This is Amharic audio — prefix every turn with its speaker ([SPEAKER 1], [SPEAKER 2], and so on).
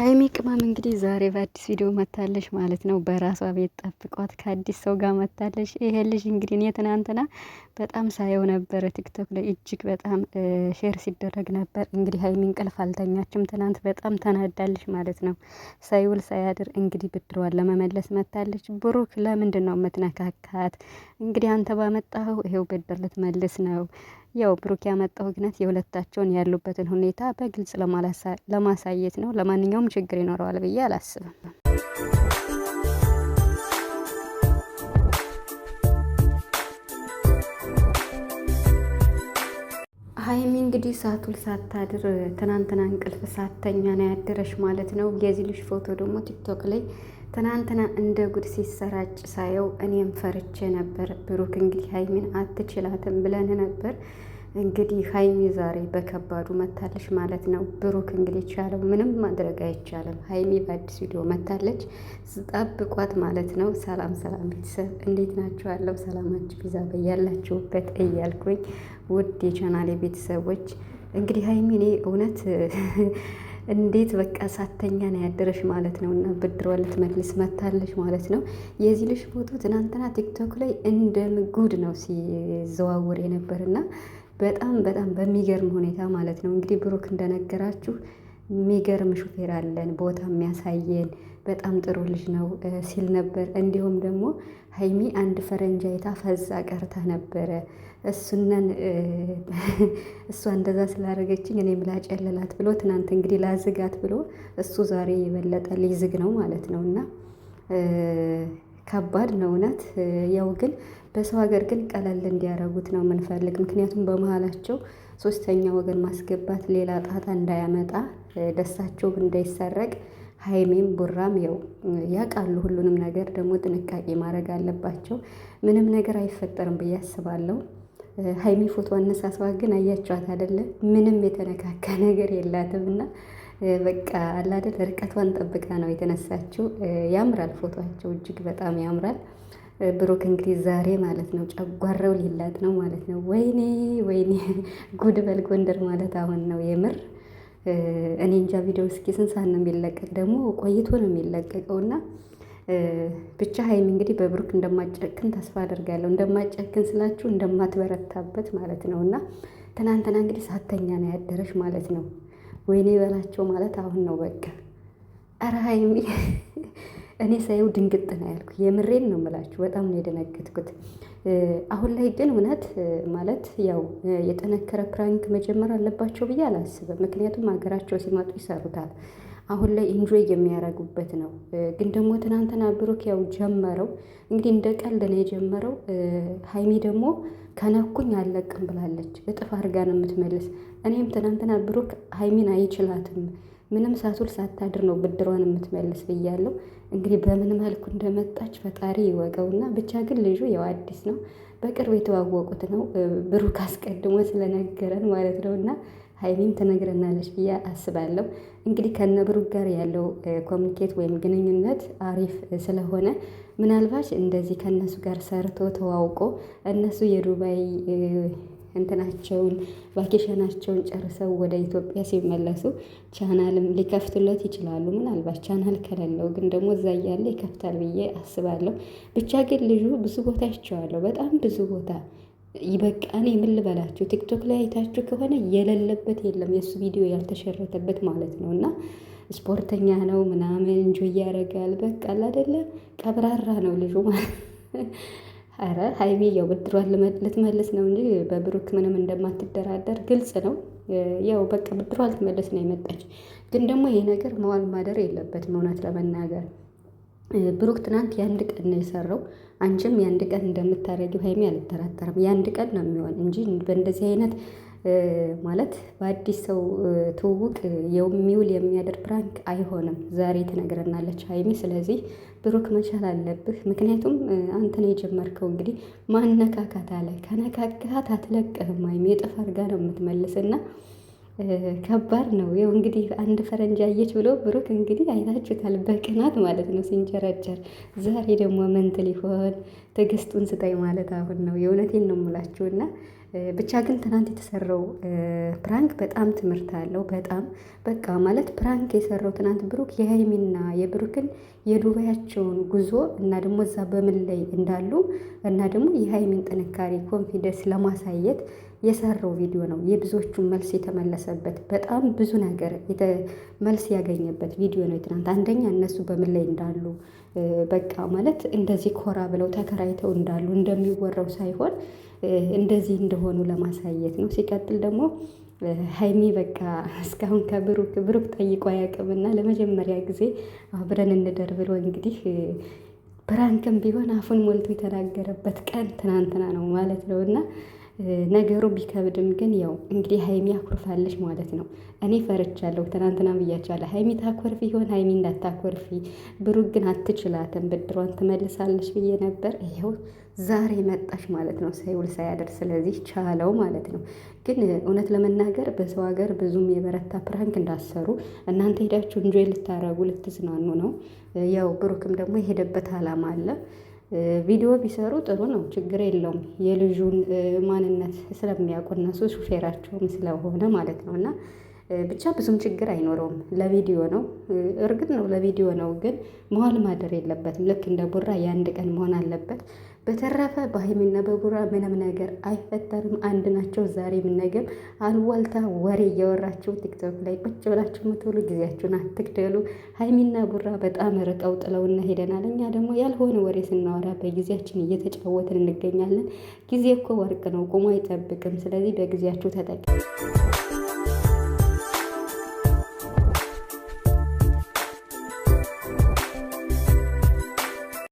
[SPEAKER 1] ሀይሚ ቅመም እንግዲህ ዛሬ በአዲስ ቪዲዮ መታለች ማለት ነው። በራሷ ቤት ጠብቋት ከአዲስ ሰው ጋር መታለች። ይሄ ልጅ እንግዲህ እኔ ትናንትና በጣም ሳየው ነበረ ቲክቶክ ላይ እጅግ በጣም ሼር ሲደረግ ነበር። እንግዲህ ሀይሚ እንቅልፍ አልተኛችም። ትናንት በጣም ተናዳለች ማለት ነው። ሳይውል ሳያድር እንግዲህ ብድሯን ለመመለስ መታለች። ብሩክ ለምንድን ነው የምትነካካት? እንግዲህ አንተ ባመጣኸው ይሄው ብድር ልትመልስ ነው ያው ብሩክ ያመጣው ግነት የሁለታቸውን ያሉበትን ሁኔታ በግልጽ ለማሳየት ነው። ለማንኛውም ችግር ይኖረዋል ብዬ አላስብም። ሀይሚ እንግዲህ ሳቱል ሳታድር ትናንትና እንቅልፍ ሳተኛ ነው ያደረሽ ማለት ነው። የዚህ ልጅ ፎቶ ደግሞ ቲክቶክ ላይ ትናንትና እንደ ጉድ ሲሰራጭ ሳየው እኔም ፈርቼ ነበር። ብሩክ እንግዲህ ሀይሚን አትችላትም ብለን ነበር። እንግዲህ ሀይሚ ዛሬ በከባዱ መታለች ማለት ነው። ብሩክ እንግዲህ ቻለው፣ ምንም ማድረግ አይቻልም። ሀይሚ በአዲስ ቪዲዮ መታለች፣ ጠብቋት ማለት ነው። ሰላም ሰላም ቤተሰብ እንዴት ናችሁ? አለው ሰላማችሁ ይዛ በያላችሁበት እያልኩኝ ውድ የቻናሌ ቤተሰቦች እንግዲህ ሀይሚ እኔ እውነት እንዴት በቃ ሳተኛ ነው ያደረሽ ማለት ነው። እና ብድሯን ልትመልስ መታለች ማለት ነው። የዚህ ልጅ ፎቶ ትናንትና ቲክቶክ ላይ እንደ ጉድ ነው ሲዘዋውር የነበር እና በጣም በጣም በሚገርም ሁኔታ ማለት ነው። እንግዲህ ብሩክ እንደነገራችሁ የሚገርም ሹፌር አለን ቦታ የሚያሳየን በጣም ጥሩ ልጅ ነው ሲል ነበር። እንዲሁም ደግሞ ሀይሚ አንድ ፈረንጃይታ አይታ ፈዛ ቀርታ ነበረ። እሱነን እሷ እንደዛ ስላደረገችኝ እኔም ላጨለላት ብሎ ትናንት እንግዲህ ላዝጋት ብሎ እሱ ዛሬ የበለጠ ሊዝግ ነው ማለት ነው እና ከባድ ነው እውነት። ያው ግን በሰው ሀገር ግን ቀለል እንዲያደርጉት ነው የምንፈልግ። ምክንያቱም በመሀላቸው ሶስተኛ ወገን ማስገባት ሌላ ጣጣ እንዳያመጣ ደስታቸው እንዳይሰረቅ። ሀይሜም ቡራም ያው ያውቃሉ ሁሉንም ነገር ደግሞ ጥንቃቄ ማድረግ አለባቸው። ምንም ነገር አይፈጠርም ብዬ አስባለሁ። ሀይሜ ፎቶ አነሳስዋ ግን አያቸዋት አይደለ? ምንም የተነካካ ነገር የላትም እና በቃ አላደል አይደል ርቀቷን ጠብቃ ነው የተነሳችው። ያምራል ፎቶቸው እጅግ በጣም ያምራል። ብሩክ እንግዲህ ዛሬ ማለት ነው ጨጓራው ሊላጥ ነው ማለት ነው። ወይኔ ወይኔ ጉድ በል ጎንደር ማለት አሁን ነው የምር። እኔ እንጃ ቪዲዮ እስኪ ስንት ሰዓት ነው የሚለቀቅ? ደግሞ ቆይቶ ነው የሚለቀቀው እና ብቻ ሀይሚ እንግዲህ በብሩክ እንደማጨክን ተስፋ አደርጋለሁ። እንደማጨክን ስላችሁ እንደማትበረታበት ማለት ነው። እና ትናንትና እንግዲህ ሳተኛ ነው ያደረሽ ማለት ነው። ወይኔ በላቸው ማለት አሁን ነው በቃ። ኧረ ሀይሚ እኔ ሳየው ድንግጥ ነው ያልኩ። የምሬን ነው የምላችሁ፣ በጣም ነው የደነገጥኩት። አሁን ላይ ግን እውነት ማለት ያው የጠነከረ ፕራንክ መጀመር አለባቸው ብዬ አላስብም። ምክንያቱም ሀገራቸው ሲመጡ ይሰሩታል። አሁን ላይ ኢንጆይ የሚያደርጉበት ነው። ግን ደግሞ ትናንትና ብሩክ ያው ጀመረው እንግዲህ እንደ ቀልድ ነው የጀመረው። ሀይሚ ደግሞ ከነኩኝ አለቅም ብላለች። እጥፍ አድርጋ ነው የምትመልስ። እኔም ትናንትና ብሩክ ሀይሚን አይችላትም ምንም ሳትውል ሳታድር ነው ብድሯን የምትመልስ ብያለሁ። እንግዲህ በምን መልኩ እንደመጣች ፈጣሪ ይወቀውና ብቻ ግን ልጁ ያው አዲስ ነው፣ በቅርብ የተዋወቁት ነው ብሩክ አስቀድሞ ስለነገረን ማለት ነው እና ሀይሚም ትነግረናለች ብዬ አስባለሁ። እንግዲህ ከነብሩ ጋር ያለው ኮሚኒኬት ወይም ግንኙነት አሪፍ ስለሆነ ምናልባት እንደዚህ ከእነሱ ጋር ሰርቶ ተዋውቆ እነሱ የዱባይ እንትናቸውን ቫኬሽናቸውን ጨርሰው ወደ ኢትዮጵያ ሲመለሱ ቻናልም ሊከፍቱለት ይችላሉ። ምናልባት ቻናል ከሌለው ግን ደግሞ እዛ እያለ ይከፍታል ብዬ አስባለሁ። ብቻ ግን ልጁ ብዙ ቦታ ይቸዋለሁ፣ በጣም ብዙ ቦታ ይበቃ እኔ ምን ልበላችሁ፣ ቲክቶክ ላይ አይታችሁ ከሆነ የሌለበት የለም የእሱ ቪዲዮ ያልተሸረተበት ማለት ነው። እና ስፖርተኛ ነው ምናምን እንጆ እያደረጋል በቃል አይደለ ቀብራራ ነው ልጁ ማለት ኧረ ሀይሚ ያው ብድሯን ልትመልስ ነው እንጂ በብሩክ ምንም እንደማትደራደር ግልጽ ነው። ያው በቃ ብድሯ ልትመልስ ነው የመጣች። ግን ደግሞ ይሄ ነገር መዋል ማደር የለበትም እውነት ለመናገር ብሩክ ትናንት የአንድ ቀን ነው የሰራው። አንቺም የአንድ ቀን እንደምታደርጊው ሀይሜ አልጠራጠርም። የአንድ ቀን ነው የሚሆን እንጂ በእንደዚህ አይነት ማለት በአዲስ ሰው ትውውቅ የሚውል የሚያድር ፕራንክ አይሆንም። ዛሬ ትነግረናለች ሀይሚ። ስለዚህ ብሩክ መቻል አለብህ። ምክንያቱም አንተ ነው የጀመርከው። እንግዲህ ማነካካት አለ። ከነካካት አትለቅህም። ይሜ የጥፍ አድርጋ ነው የምትመልስና ከባድ ነው። ያው እንግዲህ አንድ ፈረንጅ አየች ብሎ ብሩክ እንግዲህ አይታችሁታል፣ በቅናት ማለት ነው ሲንጨረጨር። ዛሬ ደግሞ መንት ሊሆን ትዕግስቱን ስጠይ ማለት አሁን ነው። የእውነቴን ነው እና ብቻ ግን ትናንት የተሰራው ፕራንክ በጣም ትምህርት አለው። በጣም በቃ ማለት ፕራንክ የሰራው ትናንት ብሩክ የሀይሚና የብሩክን የዱባያቸውን ጉዞ እና ደግሞ እዛ በምን ላይ እንዳሉ እና ደግሞ የሀይሚን ጥንካሬ ኮንፊደንስ ለማሳየት የሰራው ቪዲዮ ነው። የብዙዎቹን መልስ የተመለሰበት በጣም ብዙ ነገር መልስ ያገኘበት ቪዲዮ ነው ትናንት። አንደኛ እነሱ በምን ላይ እንዳሉ በቃ ማለት እንደዚህ ኮራ ብለው ተከራይተው እንዳሉ እንደሚወራው ሳይሆን እንደዚህ እንደሆኑ ለማሳየት ነው። ሲቀጥል ደግሞ ሀይሚ በቃ እስካሁን ከብሩክ ብሩክ ጠይቆ አያውቅምና ለመጀመሪያ ጊዜ አብረን እንደር ብሎ እንግዲህ ፕራንክም ቢሆን አፉን ሞልቶ የተናገረበት ቀን ትናንትና ነው ማለት ነው እና ነገሩ ቢከብድም ግን ያው እንግዲህ ሀይሚ አኩርፋለች ማለት ነው። እኔ ፈርቻለሁ። ትናንትና ብያቻለ ሀይሚ ታኮርፊ ይሆን? ሀይሚ እንዳታኮርፊ፣ ብሩ ግን አትችላትም፣ ብድሯን ትመልሳለች ብዬ ነበር። ይኸው ዛሬ መጣሽ ማለት ነው፣ ሳይውል ሳያደር። ስለዚህ ቻለው ማለት ነው። ግን እውነት ለመናገር በሰው ሀገር ብዙም የበረታ ፕራንክ እንዳሰሩ እናንተ ሄዳችሁ እንጆ ልታረጉ ልትዝናኑ ነው። ያው ብሩክም ደግሞ የሄደበት አላማ አለ። ቪዲዮ ቢሰሩ ጥሩ ነው፣ ችግር የለውም። የልጁን ማንነት ስለሚያውቁ እነሱ ሹፌራቸውም ስለሆነ ማለት ነው እና ብቻ ብዙም ችግር አይኖረውም። ለቪዲዮ ነው እርግጥ ነው ለቪዲዮ ነው፣ ግን መዋል ማደር የለበትም። ልክ እንደ ቡራ የአንድ ቀን መሆን አለበት። በተረፈ በሀይሚና በቡራ ምንም ነገር አይፈጠርም። አንድ ናቸው። ዛሬም ነገም አልዋልታ ወሬ እያወራችሁ ቲክቶክ ላይ ቁጭ ብላችሁ ምትውሉ ጊዜያችሁን አትግደሉ። ሀይሚና ቡራ በጣም ርቀው ጥለውና ሄደናል። እኛ ደግሞ ያልሆነ ወሬ ስናወራ በጊዜያችን እየተጫወትን እንገኛለን። ጊዜ እኮ ወርቅ ነው፣ ቁሞ አይጠብቅም። ስለዚህ በጊዜያችሁ ተጠቀሙ።